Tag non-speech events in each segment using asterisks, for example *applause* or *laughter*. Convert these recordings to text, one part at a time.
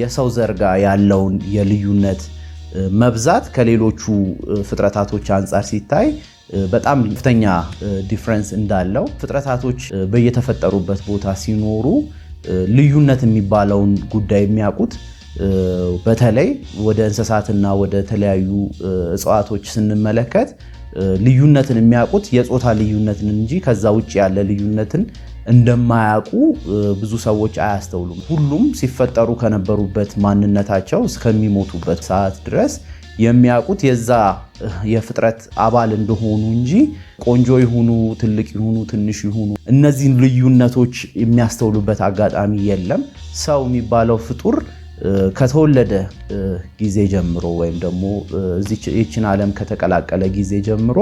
የሰው ዘርጋ ያለውን የልዩነት መብዛት ከሌሎቹ ፍጥረታቶች አንጻር ሲታይ በጣም ከፍተኛ ዲፍረንስ እንዳለው ፍጥረታቶች በየተፈጠሩበት ቦታ ሲኖሩ ልዩነት የሚባለውን ጉዳይ የሚያውቁት በተለይ ወደ እንስሳትና ወደ ተለያዩ እጽዋቶች ስንመለከት ልዩነትን የሚያውቁት የጾታ ልዩነትን እንጂ ከዛ ውጭ ያለ ልዩነትን እንደማያውቁ ብዙ ሰዎች አያስተውሉም። ሁሉም ሲፈጠሩ ከነበሩበት ማንነታቸው እስከሚሞቱበት ሰዓት ድረስ የሚያውቁት የዛ የፍጥረት አባል እንደሆኑ እንጂ ቆንጆ ይሁኑ፣ ትልቅ ይሁኑ፣ ትንሽ ይሁኑ እነዚህን ልዩነቶች የሚያስተውሉበት አጋጣሚ የለም። ሰው የሚባለው ፍጡር ከተወለደ ጊዜ ጀምሮ ወይም ደግሞ ይችን ዓለም ከተቀላቀለ ጊዜ ጀምሮ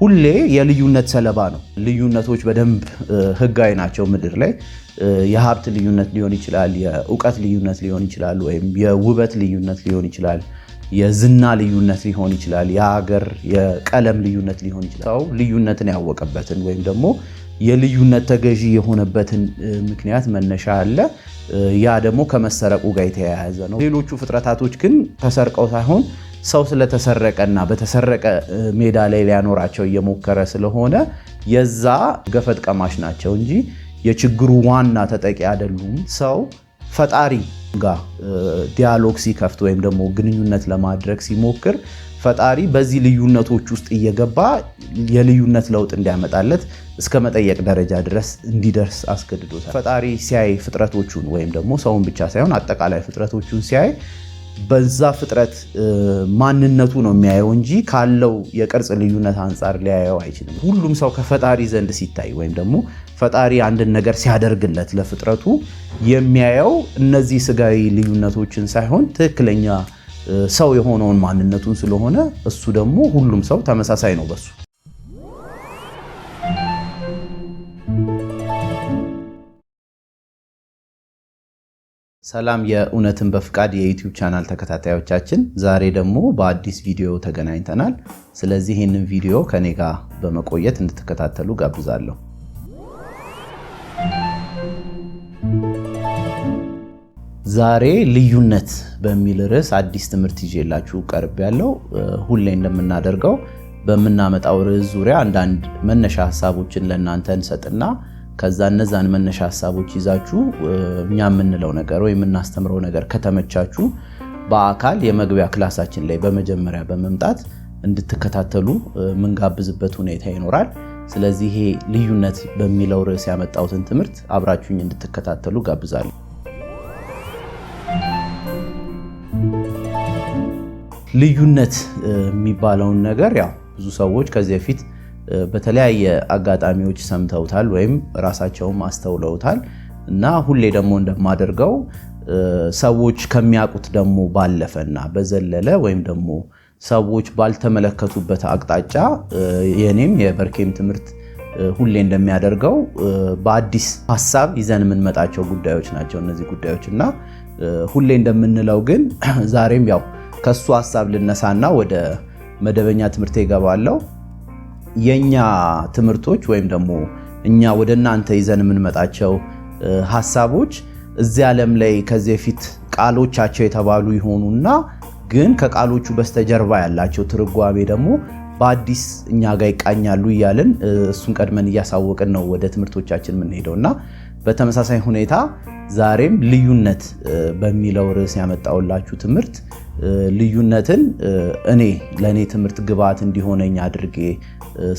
ሁሌ የልዩነት ሰለባ ነው። ልዩነቶች በደንብ ህጋዊ ናቸው። ምድር ላይ የሀብት ልዩነት ሊሆን ይችላል፣ የእውቀት ልዩነት ሊሆን ይችላል፣ ወይም የውበት ልዩነት ሊሆን ይችላል፣ የዝና ልዩነት ሊሆን ይችላል፣ የሀገር የቀለም ልዩነት ሊሆን ይችላል። ሰው ልዩነትን ያወቀበትን ወይም ደግሞ የልዩነት ተገዢ የሆነበትን ምክንያት መነሻ አለ። ያ ደግሞ ከመሰረቁ ጋር የተያያዘ ነው። ሌሎቹ ፍጥረታቶች ግን ተሰርቀው ሳይሆን ሰው ስለተሰረቀና በተሰረቀ ሜዳ ላይ ሊያኖራቸው እየሞከረ ስለሆነ የዛ ገፈት ቀማሽ ናቸው እንጂ የችግሩ ዋና ተጠቂ አይደሉም። ሰው ፈጣሪ ጋር ዲያሎግ ሲከፍት ወይም ደግሞ ግንኙነት ለማድረግ ሲሞክር ፈጣሪ በዚህ ልዩነቶች ውስጥ እየገባ የልዩነት ለውጥ እንዲያመጣለት እስከ መጠየቅ ደረጃ ድረስ እንዲደርስ አስገድዶታል። ፈጣሪ ሲያይ ፍጥረቶቹን ወይም ደግሞ ሰውን ብቻ ሳይሆን አጠቃላይ ፍጥረቶቹን ሲያይ በዛ ፍጥረት ማንነቱ ነው የሚያየው እንጂ ካለው የቅርጽ ልዩነት አንጻር ሊያየው አይችልም። ሁሉም ሰው ከፈጣሪ ዘንድ ሲታይ ወይም ደግሞ ፈጣሪ አንድን ነገር ሲያደርግለት ለፍጥረቱ የሚያየው እነዚህ ስጋዊ ልዩነቶችን ሳይሆን ትክክለኛ ሰው የሆነውን ማንነቱን ስለሆነ እሱ ደግሞ ሁሉም ሰው ተመሳሳይ ነው በሱ ሰላም የእውነትን በፍቃድ የዩቲዩብ ቻናል ተከታታዮቻችን፣ ዛሬ ደግሞ በአዲስ ቪዲዮ ተገናኝተናል። ስለዚህ ይህንን ቪዲዮ ከኔ ጋር በመቆየት እንድትከታተሉ ጋብዛለሁ። ዛሬ ልዩነት በሚል ርዕስ አዲስ ትምህርት ይዤላችሁ ቀርብ ያለው ሁሌ እንደምናደርገው በምናመጣው ርዕስ ዙሪያ አንዳንድ መነሻ ሀሳቦችን ለእናንተ እንሰጥና ከዛ እነዛን መነሻ ሀሳቦች ይዛችሁ እኛ የምንለው ነገር ወይም የምናስተምረው ነገር ከተመቻችሁ በአካል የመግቢያ ክላሳችን ላይ በመጀመሪያ በመምጣት እንድትከታተሉ የምንጋብዝበት ሁኔታ ይኖራል። ስለዚህ ይሄ ልዩነት በሚለው ርዕስ ያመጣሁትን ትምህርት አብራችሁኝ እንድትከታተሉ ጋብዛለሁ። ልዩነት የሚባለውን ነገር ያው ብዙ ሰዎች ከዚህ በፊት በተለያየ አጋጣሚዎች ሰምተውታል ወይም ራሳቸውም አስተውለውታል እና ሁሌ ደግሞ እንደማደርገው ሰዎች ከሚያውቁት ደግሞ ባለፈና በዘለለ ወይም ደግሞ ሰዎች ባልተመለከቱበት አቅጣጫ የኔም የበርኬም ትምህርት ሁሌ እንደሚያደርገው በአዲስ ሀሳብ ይዘን የምንመጣቸው ጉዳዮች ናቸው እነዚህ ጉዳዮች እና ሁሌ እንደምንለው ግን *clears throat* ዛሬም ያው ከሱ ሀሳብ ልነሳና ወደ መደበኛ ትምህርት ይገባለው። የእኛ ትምህርቶች ወይም ደግሞ እኛ ወደ እናንተ ይዘን የምንመጣቸው ሀሳቦች እዚህ ዓለም ላይ ከዚህ በፊት ቃሎቻቸው የተባሉ ይሆኑና ግን ከቃሎቹ በስተጀርባ ያላቸው ትርጓሜ ደግሞ በአዲስ እኛ ጋር ይቃኛሉ እያልን እሱን ቀድመን እያሳወቅን ነው ወደ ትምህርቶቻችን የምንሄደው እና በተመሳሳይ ሁኔታ ዛሬም ልዩነት በሚለው ርዕስ ያመጣውላችሁ ትምህርት ልዩነትን እኔ ለእኔ ትምህርት ግብዓት እንዲሆነኝ አድርጌ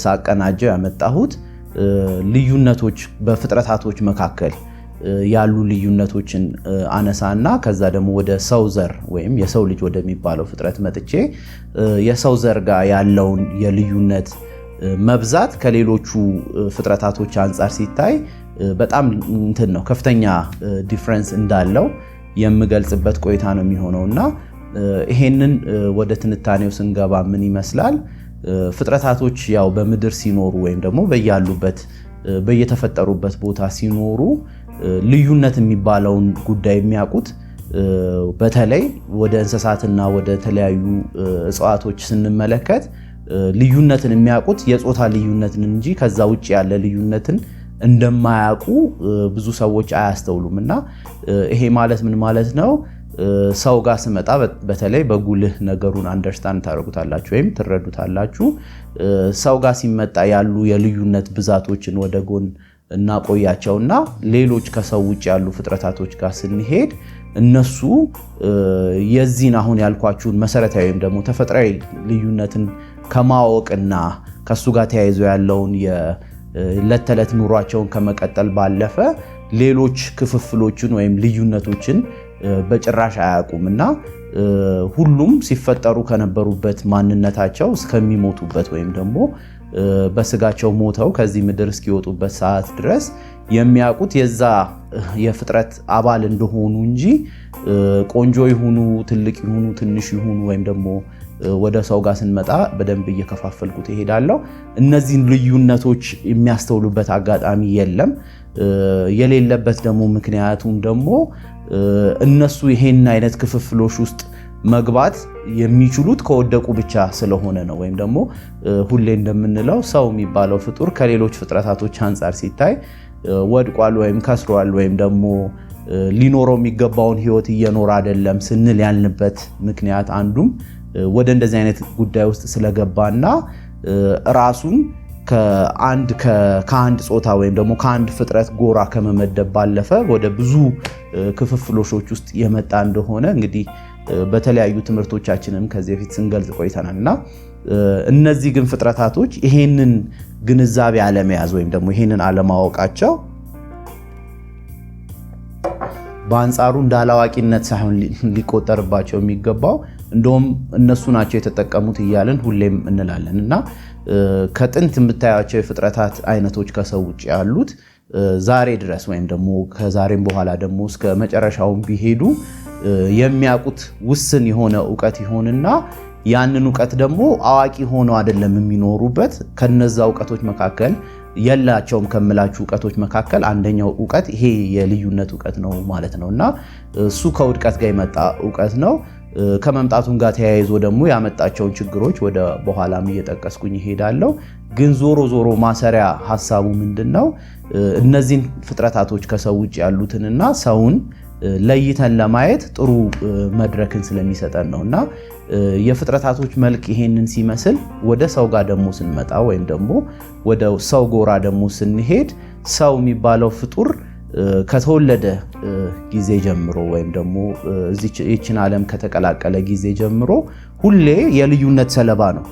ሳቀናጀው ያመጣሁት ልዩነቶች በፍጥረታቶች መካከል ያሉ ልዩነቶችን አነሳና ከዛ ደግሞ ወደ ሰው ዘር ወይም የሰው ልጅ ወደሚባለው ፍጥረት መጥቼ የሰው ዘር ጋር ያለውን የልዩነት መብዛት ከሌሎቹ ፍጥረታቶች አንጻር ሲታይ በጣም እንትን ነው ከፍተኛ ዲፍረንስ እንዳለው የምገልጽበት ቆይታ ነው የሚሆነው እና ይሄንን ወደ ትንታኔው ስንገባ ምን ይመስላል ፍጥረታቶች ያው በምድር ሲኖሩ ወይም ደግሞ በያሉበት በየተፈጠሩበት ቦታ ሲኖሩ ልዩነት የሚባለውን ጉዳይ የሚያውቁት በተለይ ወደ እንስሳትና ወደ ተለያዩ እጽዋቶች ስንመለከት ልዩነትን የሚያውቁት የጾታ ልዩነትን እንጂ ከዛ ውጭ ያለ ልዩነትን እንደማያውቁ ብዙ ሰዎች አያስተውሉም። እና ይሄ ማለት ምን ማለት ነው? ሰው ጋር ስመጣ በተለይ በጉልህ ነገሩን አንደርስታንድ ታደርጉታላችሁ ወይም ትረዱታላችሁ። ሰው ጋር ሲመጣ ያሉ የልዩነት ብዛቶችን ወደ ጎን እናቆያቸው ና ሌሎች ከሰው ውጭ ያሉ ፍጥረታቶች ጋር ስንሄድ እነሱ የዚህን አሁን ያልኳችሁን መሰረታዊ ወይም ደግሞ ተፈጥሯዊ ልዩነትን ከማወቅና ከሱ ጋር ተያይዞ ያለውን የዕለት ተዕለት ኑሯቸውን ከመቀጠል ባለፈ ሌሎች ክፍፍሎችን ወይም ልዩነቶችን በጭራሽ አያውቁም እና ሁሉም ሲፈጠሩ ከነበሩበት ማንነታቸው እስከሚሞቱበት ወይም ደግሞ በስጋቸው ሞተው ከዚህ ምድር እስኪወጡበት ሰዓት ድረስ የሚያውቁት የዛ የፍጥረት አባል እንደሆኑ እንጂ ቆንጆ ይሁኑ፣ ትልቅ ይሁኑ፣ ትንሽ ይሁኑ ወይም ደግሞ ወደ ሰው ጋር ስንመጣ በደንብ እየከፋፈልኩት እሄዳለሁ። እነዚህን ልዩነቶች የሚያስተውሉበት አጋጣሚ የለም። የሌለበት ደግሞ ምክንያቱም ደግሞ እነሱ ይሄን አይነት ክፍፍሎች ውስጥ መግባት የሚችሉት ከወደቁ ብቻ ስለሆነ ነው። ወይም ደግሞ ሁሌ እንደምንለው ሰው የሚባለው ፍጡር ከሌሎች ፍጥረታቶች አንጻር ሲታይ ወድቋል ወይም ከስሯል ወይም ደግሞ ሊኖረው የሚገባውን ሕይወት እየኖረ አይደለም ስንል ያልንበት ምክንያት አንዱም ወደ እንደዚህ አይነት ጉዳይ ውስጥ ስለገባና ራሱን ከአንድ ከአንድ ጾታ ወይም ደግሞ ከአንድ ፍጥረት ጎራ ከመመደብ ባለፈ ወደ ብዙ ክፍፍሎሾች ውስጥ የመጣ እንደሆነ እንግዲህ በተለያዩ ትምህርቶቻችንም ከዚህ በፊት ስንገልጽ ቆይተናል እና እነዚህ ግን ፍጥረታቶች ይሄንን ግንዛቤ አለመያዝ ወይም ደግሞ ይሄንን አለማወቃቸው በአንጻሩ እንደ አላዋቂነት ሳይሆን ሊቆጠርባቸው የሚገባው እንደውም እነሱ ናቸው የተጠቀሙት እያለን ሁሌም እንላለን እና ከጥንት የምታያቸው የፍጥረታት አይነቶች ከሰው ውጭ ያሉት ዛሬ ድረስ ወይም ደግሞ ከዛሬም በኋላ ደግሞ እስከ መጨረሻውን ቢሄዱ የሚያውቁት ውስን የሆነ እውቀት ይሆንና ያንን እውቀት ደግሞ አዋቂ ሆነው አይደለም የሚኖሩበት። ከነዛ እውቀቶች መካከል የላቸውም ከምላችሁ እውቀቶች መካከል አንደኛው እውቀት ይሄ የልዩነት እውቀት ነው ማለት ነው እና እሱ ከውድቀት ጋር የመጣ እውቀት ነው። ከመምጣቱን ጋር ተያይዞ ደግሞ ያመጣቸውን ችግሮች ወደ በኋላም እየጠቀስኩኝ ይሄዳለው። ግን ዞሮ ዞሮ ማሰሪያ ሀሳቡ ምንድን ነው? እነዚህን ፍጥረታቶች ከሰው ውጭ ያሉትንና ሰውን ለይተን ለማየት ጥሩ መድረክን ስለሚሰጠን ነው እና የፍጥረታቶች መልክ ይሄንን ሲመስል ወደ ሰው ጋር ደግሞ ስንመጣ ወይም ደግሞ ወደ ሰው ጎራ ደግሞ ስንሄድ ሰው የሚባለው ፍጡር ከተወለደ ጊዜ ጀምሮ ወይም ደግሞ ይችን ዓለም ከተቀላቀለ ጊዜ ጀምሮ ሁሌ የልዩነት ሰለባ ነው።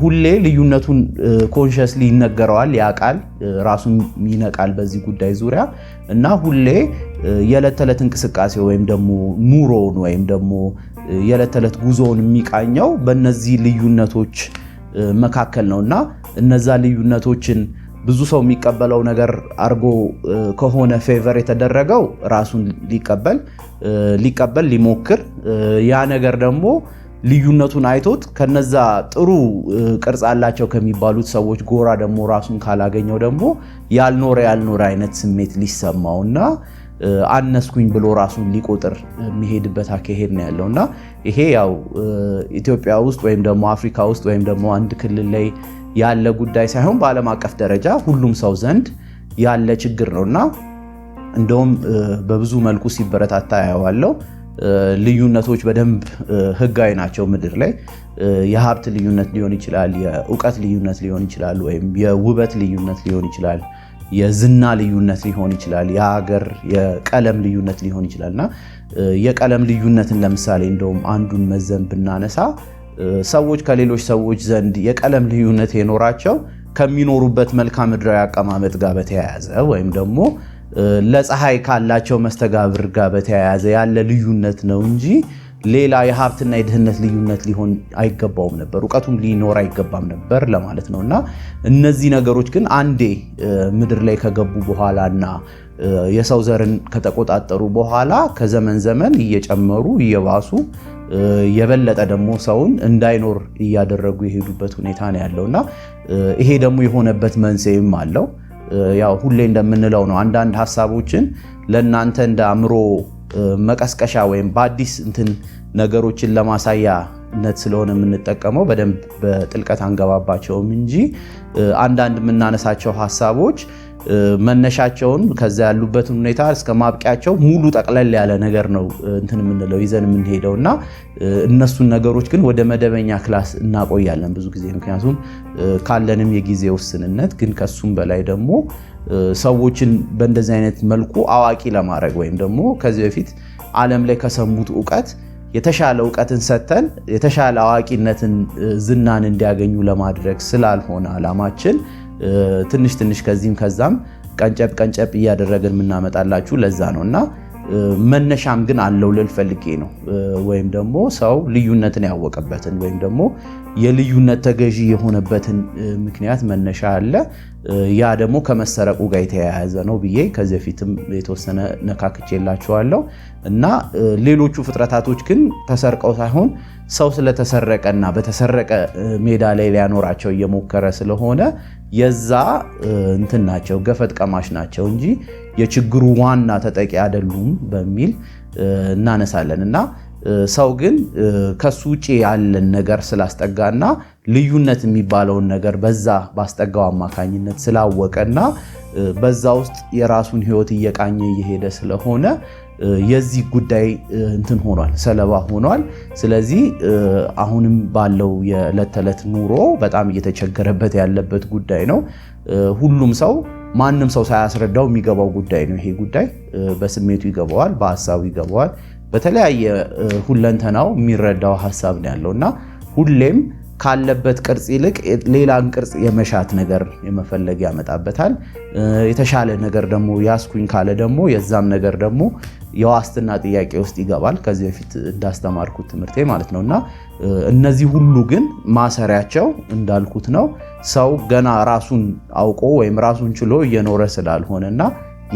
ሁሌ ልዩነቱን ኮንሽስሊ ይነገረዋል፣ ያውቃል፣ ራሱን ይነቃል በዚህ ጉዳይ ዙሪያ እና ሁሌ የዕለት ተዕለት እንቅስቃሴ ወይም ደግሞ ኑሮውን ወይም ደግሞ የዕለት ተዕለት ጉዞውን የሚቃኘው በእነዚህ ልዩነቶች መካከል ነው እና እነዛ ልዩነቶችን ብዙ ሰው የሚቀበለው ነገር አድርጎ ከሆነ ፌቨር የተደረገው ራሱን ሊቀበል ሊቀበል ሊሞክር ያ ነገር ደግሞ ልዩነቱን አይቶት ከነዛ ጥሩ ቅርጽ አላቸው ከሚባሉት ሰዎች ጎራ ደግሞ ራሱን ካላገኘው ደግሞ ያልኖረ ያልኖረ አይነት ስሜት ሊሰማው እና አነስኩኝ ብሎ ራሱን ሊቆጥር የሚሄድበት አካሄድ ነው ያለው እና ይሄ ያው ኢትዮጵያ ውስጥ ወይም ደግሞ አፍሪካ ውስጥ ወይም ደግሞ አንድ ክልል ላይ ያለ ጉዳይ ሳይሆን በዓለም አቀፍ ደረጃ ሁሉም ሰው ዘንድ ያለ ችግር ነው እና እንደውም በብዙ መልኩ ሲበረታታ ያዋለው ልዩነቶች በደንብ ህጋዊ ናቸው። ምድር ላይ የሀብት ልዩነት ሊሆን ይችላል፣ የእውቀት ልዩነት ሊሆን ይችላል፣ ወይም የውበት ልዩነት ሊሆን ይችላል፣ የዝና ልዩነት ሊሆን ይችላል፣ የሀገር የቀለም ልዩነት ሊሆን ይችላል እና የቀለም ልዩነትን ለምሳሌ እንደውም አንዱን መዘን ብናነሳ ሰዎች ከሌሎች ሰዎች ዘንድ የቀለም ልዩነት የኖራቸው ከሚኖሩበት መልክዓ ምድራዊ አቀማመጥ ጋር በተያያዘ ወይም ደግሞ ለፀሐይ ካላቸው መስተጋብር ጋር በተያያዘ ያለ ልዩነት ነው እንጂ ሌላ የሀብትና የድህነት ልዩነት ሊሆን አይገባውም ነበር፣ እውቀቱም ሊኖር አይገባም ነበር ለማለት ነው። እና እነዚህ ነገሮች ግን አንዴ ምድር ላይ ከገቡ በኋላ እና የሰው ዘርን ከተቆጣጠሩ በኋላ ከዘመን ዘመን እየጨመሩ እየባሱ የበለጠ ደግሞ ሰውን እንዳይኖር እያደረጉ የሄዱበት ሁኔታ ነው ያለው እና ይሄ ደግሞ የሆነበት መንስኤም አለው። ያው ሁሌ እንደምንለው ነው አንዳንድ ሀሳቦችን ለእናንተ እንደ አእምሮ መቀስቀሻ ወይም በአዲስ እንትን ነገሮችን ለማሳያነት ስለሆነ የምንጠቀመው በደንብ በጥልቀት አንገባባቸውም እንጂ አንዳንድ የምናነሳቸው ሀሳቦች መነሻቸውን ከዛ ያሉበትን ሁኔታ እስከ ማብቂያቸው ሙሉ ጠቅለል ያለ ነገር ነው እንትን የምንለው ይዘን የምንሄደው እና እነሱን ነገሮች ግን ወደ መደበኛ ክላስ እናቆያለን ብዙ ጊዜ ምክንያቱም ካለንም የጊዜ ውስንነት ግን ከሱም በላይ ደግሞ ሰዎችን በእንደዚህ አይነት መልኩ አዋቂ ለማድረግ ወይም ደግሞ ከዚህ በፊት ዓለም ላይ ከሰሙት እውቀት የተሻለ እውቀትን ሰጥተን የተሻለ አዋቂነትን ዝናን እንዲያገኙ ለማድረግ ስላልሆነ አላማችን ትንሽ ትንሽ ከዚህም ከዛም ቀንጨብ ቀንጨብ እያደረግን የምናመጣላችሁ ለዛ ነው እና መነሻም ግን አለው ልል ፈልጌ ነው። ወይም ደግሞ ሰው ልዩነትን ያወቀበትን ወይም ደግሞ የልዩነት ተገዢ የሆነበትን ምክንያት መነሻ አለ። ያ ደግሞ ከመሰረቁ ጋር የተያያዘ ነው ብዬ ከዚህ በፊትም የተወሰነ ነካክቼላችኋለሁ እና ሌሎቹ ፍጥረታቶች ግን ተሰርቀው ሳይሆን ሰው ስለተሰረቀ እና በተሰረቀ ሜዳ ላይ ሊያኖራቸው እየሞከረ ስለሆነ የዛ እንትን ናቸው ገፈት ቀማሽ ናቸው እንጂ የችግሩ ዋና ተጠቂ አይደሉም በሚል እናነሳለን እና ሰው ግን ከሱ ውጭ ያለን ነገር ስላስጠጋና ልዩነት የሚባለውን ነገር በዛ ባስጠጋው አማካኝነት ስላወቀና በዛ ውስጥ የራሱን ህይወት እየቃኘ እየሄደ ስለሆነ የዚህ ጉዳይ እንትን ሆኗል፣ ሰለባ ሆኗል። ስለዚህ አሁንም ባለው የዕለት ተዕለት ኑሮ በጣም እየተቸገረበት ያለበት ጉዳይ ነው። ሁሉም ሰው ማንም ሰው ሳያስረዳው የሚገባው ጉዳይ ነው። ይሄ ጉዳይ በስሜቱ ይገባዋል፣ በሀሳቡ ይገባዋል፣ በተለያየ ሁለንተናው የሚረዳው ሀሳብ ነው ያለው እና ሁሌም ካለበት ቅርጽ ይልቅ ሌላን ቅርጽ የመሻት ነገር የመፈለግ ያመጣበታል። የተሻለ ነገር ደግሞ ያስኩኝ ካለ ደግሞ የዛም ነገር ደግሞ የዋስትና ጥያቄ ውስጥ ይገባል። ከዚህ በፊት እንዳስተማርኩት ትምህርቴ ማለት ነው እና እነዚህ ሁሉ ግን ማሰሪያቸው እንዳልኩት ነው። ሰው ገና ራሱን አውቆ ወይም ራሱን ችሎ እየኖረ ስላልሆነ እና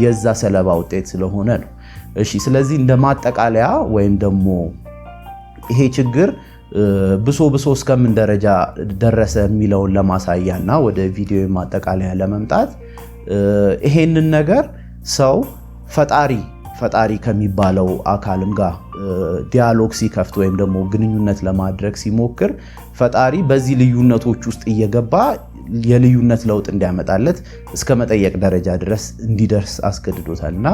የዛ ሰለባ ውጤት ስለሆነ ነው። እሺ፣ ስለዚህ እንደ ማጠቃለያ ወይም ደግሞ ይሄ ችግር ብሶ ብሶ እስከምን ደረጃ ደረሰ የሚለውን ለማሳያና ወደ ቪዲዮ ማጠቃለያ ለመምጣት ይሄንን ነገር ሰው ፈጣሪ ፈጣሪ ከሚባለው አካልም ጋር ዲያሎግ ሲከፍት ወይም ደግሞ ግንኙነት ለማድረግ ሲሞክር ፈጣሪ በዚህ ልዩነቶች ውስጥ እየገባ የልዩነት ለውጥ እንዲያመጣለት እስከ መጠየቅ ደረጃ ድረስ እንዲደርስ አስገድዶታል እና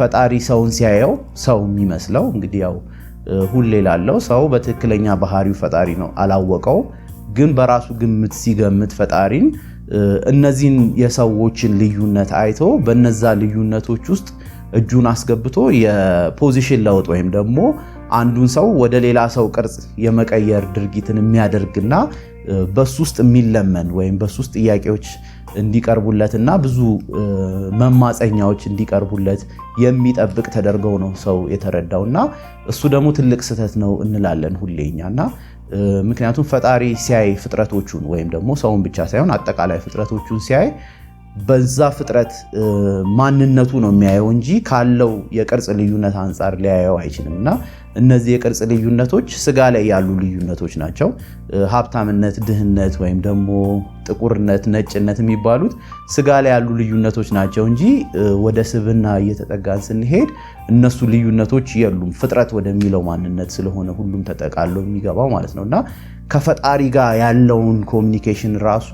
ፈጣሪ ሰውን ሲያየው ሰው የሚመስለው እንግዲህ ያው ሁሌ ላለው ሰው በትክክለኛ ባህሪው ፈጣሪ ነው አላወቀው፣ ግን በራሱ ግምት ሲገምት ፈጣሪን እነዚህን የሰዎችን ልዩነት አይቶ በነዛ ልዩነቶች ውስጥ እጁን አስገብቶ የፖዚሽን ለውጥ ወይም ደግሞ አንዱን ሰው ወደ ሌላ ሰው ቅርጽ የመቀየር ድርጊትን የሚያደርግና በሱ ውስጥ የሚለመን ወይም በሱ ውስጥ ጥያቄዎች እንዲቀርቡለትና ብዙ መማፀኛዎች እንዲቀርቡለት የሚጠብቅ ተደርገው ነው ሰው የተረዳው እና እሱ ደግሞ ትልቅ ስህተት ነው እንላለን ሁሌኛ እና ምክንያቱም ፈጣሪ ሲያይ ፍጥረቶቹን ወይም ደግሞ ሰውን ብቻ ሳይሆን አጠቃላይ ፍጥረቶቹን ሲያይ በዛ ፍጥረት ማንነቱ ነው የሚያየው እንጂ ካለው የቅርጽ ልዩነት አንጻር ሊያየው አይችልም። እና እነዚህ የቅርጽ ልዩነቶች ስጋ ላይ ያሉ ልዩነቶች ናቸው። ሀብታምነት፣ ድህነት ወይም ደግሞ ጥቁርነት፣ ነጭነት የሚባሉት ስጋ ላይ ያሉ ልዩነቶች ናቸው እንጂ ወደ ስብና እየተጠጋን ስንሄድ እነሱ ልዩነቶች የሉም። ፍጥረት ወደሚለው ማንነት ስለሆነ ሁሉም ተጠቃሎ የሚገባው ማለት ነው እና ከፈጣሪ ጋር ያለውን ኮሚኒኬሽን ራሱ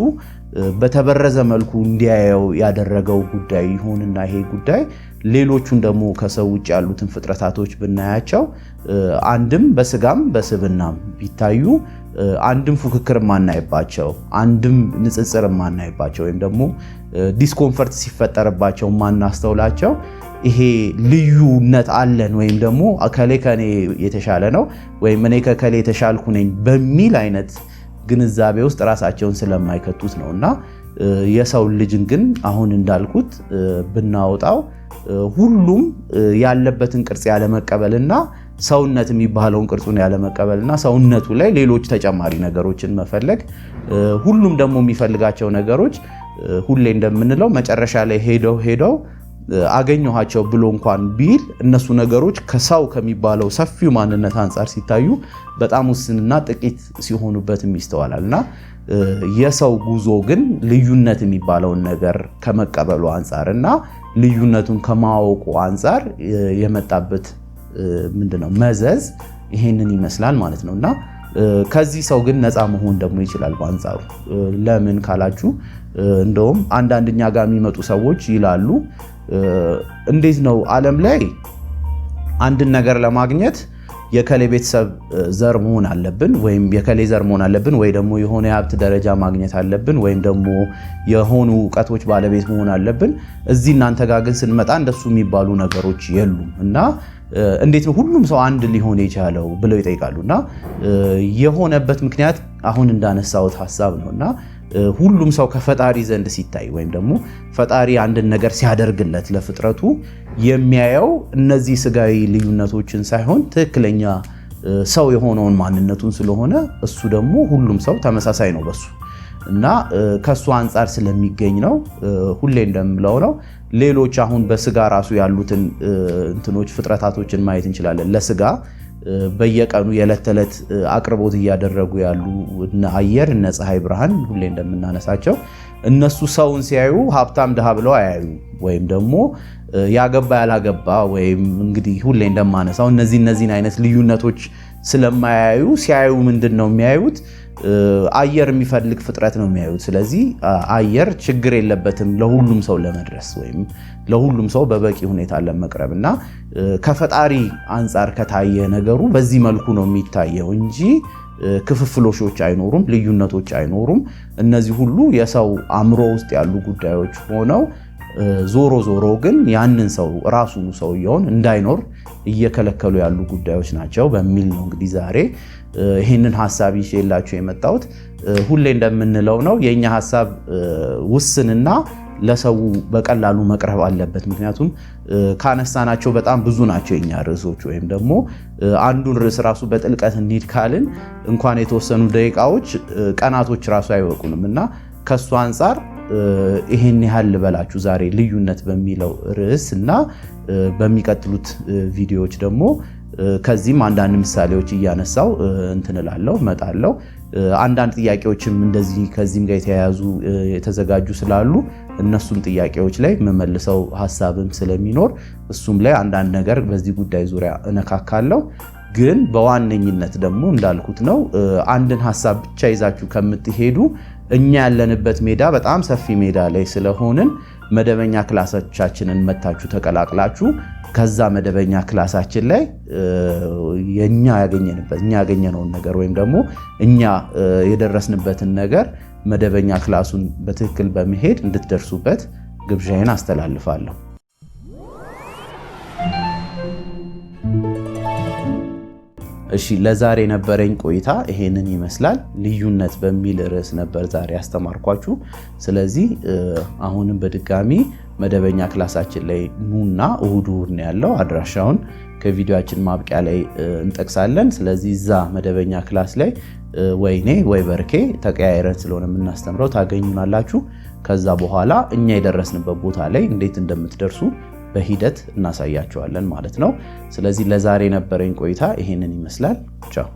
በተበረዘ መልኩ እንዲያየው ያደረገው ጉዳይ ይሁንና ይሄ ጉዳይ ሌሎቹን ደግሞ ከሰው ውጭ ያሉትን ፍጥረታቶች ብናያቸው አንድም በስጋም በስብናም ቢታዩ አንድም ፉክክር ማናይባቸው፣ አንድም ንጽጽር ማናይባቸው ወይም ደግሞ ዲስኮንፈርት ሲፈጠርባቸው ማናስተውላቸው ይሄ ልዩነት አለን ወይም ደግሞ ከሌ ከኔ የተሻለ ነው ወይም እኔ ከከሌ የተሻልኩ ነኝ በሚል አይነት ግንዛቤ ውስጥ ራሳቸውን ስለማይከቱት ነው እና የሰው ልጅን ግን አሁን እንዳልኩት ብናወጣው ሁሉም ያለበትን ቅርጽ ያለመቀበልና ሰውነት የሚባለውን ቅርጹን ያለመቀበልና ሰውነቱ ላይ ሌሎች ተጨማሪ ነገሮችን መፈለግ ሁሉም ደግሞ የሚፈልጋቸው ነገሮች ሁሌ እንደምንለው መጨረሻ ላይ ሄደው ሄደው አገኘኋቸው ብሎ እንኳን ቢል እነሱ ነገሮች ከሰው ከሚባለው ሰፊው ማንነት አንጻር ሲታዩ በጣም ውስንና ጥቂት ሲሆኑበትም ይስተዋላል እና የሰው ጉዞ ግን ልዩነት የሚባለውን ነገር ከመቀበሉ አንጻር እና ልዩነቱን ከማወቁ አንጻር የመጣበት ምንድነው መዘዝ ይሄንን ይመስላል ማለት ነው እና ከዚህ ሰው ግን ነፃ መሆን ደግሞ ይችላል። በአንጻሩ ለምን ካላችሁ እንደውም አንዳንድ እኛ ጋር የሚመጡ ሰዎች ይላሉ እንዴት ነው ዓለም ላይ አንድን ነገር ለማግኘት የከሌ ቤተሰብ ዘር መሆን አለብን ወይም የከሌ ዘር መሆን አለብን ወይ ደግሞ የሆነ የሀብት ደረጃ ማግኘት አለብን ወይም ደግሞ የሆኑ እውቀቶች ባለቤት መሆን አለብን። እዚህ እናንተ ጋር ግን ስንመጣ እንደሱ የሚባሉ ነገሮች የሉም እና እንዴት ነው ሁሉም ሰው አንድ ሊሆን የቻለው ብለው ይጠይቃሉ። እና የሆነበት ምክንያት አሁን እንዳነሳሁት ሀሳብ ነው እና ሁሉም ሰው ከፈጣሪ ዘንድ ሲታይ ወይም ደግሞ ፈጣሪ አንድን ነገር ሲያደርግለት ለፍጥረቱ የሚያየው እነዚህ ስጋዊ ልዩነቶችን ሳይሆን ትክክለኛ ሰው የሆነውን ማንነቱን ስለሆነ እሱ ደግሞ ሁሉም ሰው ተመሳሳይ ነው በሱ እና ከሱ አንጻር ስለሚገኝ ነው። ሁሌ እንደምለው ነው። ሌሎች አሁን በስጋ ራሱ ያሉትን እንትኖች ፍጥረታቶችን ማየት እንችላለን። ለስጋ በየቀኑ የዕለት ተዕለት አቅርቦት እያደረጉ ያሉ እነ አየር እነ ፀሐይ ብርሃን ሁሌ እንደምናነሳቸው እነሱ ሰውን ሲያዩ ሀብታም ድሃ ብለው አያዩ፣ ወይም ደግሞ ያገባ ያላገባ ወይም እንግዲህ ሁሌ እንደማነሳው እነዚህ እነዚህን አይነት ልዩነቶች ስለማያዩ ሲያዩ ምንድን ነው የሚያዩት? አየር የሚፈልግ ፍጥረት ነው የሚያዩት። ስለዚህ አየር ችግር የለበትም ለሁሉም ሰው ለመድረስ ወይም ለሁሉም ሰው በበቂ ሁኔታ ለመቅረብ እና ከፈጣሪ አንጻር ከታየ ነገሩ በዚህ መልኩ ነው የሚታየው እንጂ ክፍፍሎሾች አይኖሩም፣ ልዩነቶች አይኖሩም። እነዚህ ሁሉ የሰው አእምሮ ውስጥ ያሉ ጉዳዮች ሆነው ዞሮ ዞሮ ግን ያንን ሰው ራሱኑ ሰውየውን እንዳይኖር እየከለከሉ ያሉ ጉዳዮች ናቸው በሚል ነው እንግዲህ ዛሬ ይህንን ሀሳብ ይዤላችሁ የመጣሁት። ሁሌ እንደምንለው ነው የእኛ ሀሳብ ውስንና ለሰው በቀላሉ መቅረብ አለበት። ምክንያቱም ካነሳናቸው በጣም ብዙ ናቸው የኛ ርዕሶች። ወይም ደግሞ አንዱን ርዕስ ራሱ በጥልቀት እንሂድ ካልን እንኳን የተወሰኑ ደቂቃዎች፣ ቀናቶች ራሱ አይበቁንም እና ከእሱ አንጻር ይሄን ያህል ልበላችሁ ዛሬ ልዩነት በሚለው ርዕስ እና በሚቀጥሉት ቪዲዮዎች ደግሞ ከዚህም አንዳንድ ምሳሌዎች እያነሳው እንትንላለው መጣለው። አንዳንድ ጥያቄዎችም እንደዚህ ከዚህም ጋር የተያያዙ የተዘጋጁ ስላሉ እነሱም ጥያቄዎች ላይ መመልሰው ሀሳብም ስለሚኖር እሱም ላይ አንዳንድ ነገር በዚህ ጉዳይ ዙሪያ እነካካለው። ግን በዋነኝነት ደግሞ እንዳልኩት ነው። አንድን ሀሳብ ብቻ ይዛችሁ ከምትሄዱ እኛ ያለንበት ሜዳ በጣም ሰፊ ሜዳ ላይ ስለሆንን መደበኛ ክላሶቻችንን መታችሁ ተቀላቅላችሁ ከዛ መደበኛ ክላሳችን ላይ የእኛ ያገኘንበት እኛ ያገኘነውን ነገር ወይም ደግሞ እኛ የደረስንበትን ነገር መደበኛ ክላሱን በትክክል በመሄድ እንድትደርሱበት ግብዣዬን አስተላልፋለሁ። እሺ ለዛሬ የነበረኝ ቆይታ ይሄንን ይመስላል። ልዩነት በሚል ርዕስ ነበር ዛሬ ያስተማርኳችሁ። ስለዚህ አሁንም በድጋሚ መደበኛ ክላሳችን ላይ ኑና እሁድ እሁድ ነው ያለው። አድራሻውን ከቪዲዮችን ማብቂያ ላይ እንጠቅሳለን። ስለዚህ እዛ መደበኛ ክላስ ላይ ወይኔ ወይ በርኬ ተቀያይረን ስለሆነ የምናስተምረው ታገኙናላችሁ። ከዛ በኋላ እኛ የደረስንበት ቦታ ላይ እንዴት እንደምትደርሱ በሂደት እናሳያቸዋለን ማለት ነው። ስለዚህ ለዛሬ የነበረኝ ቆይታ ይሄንን ይመስላል። ቻው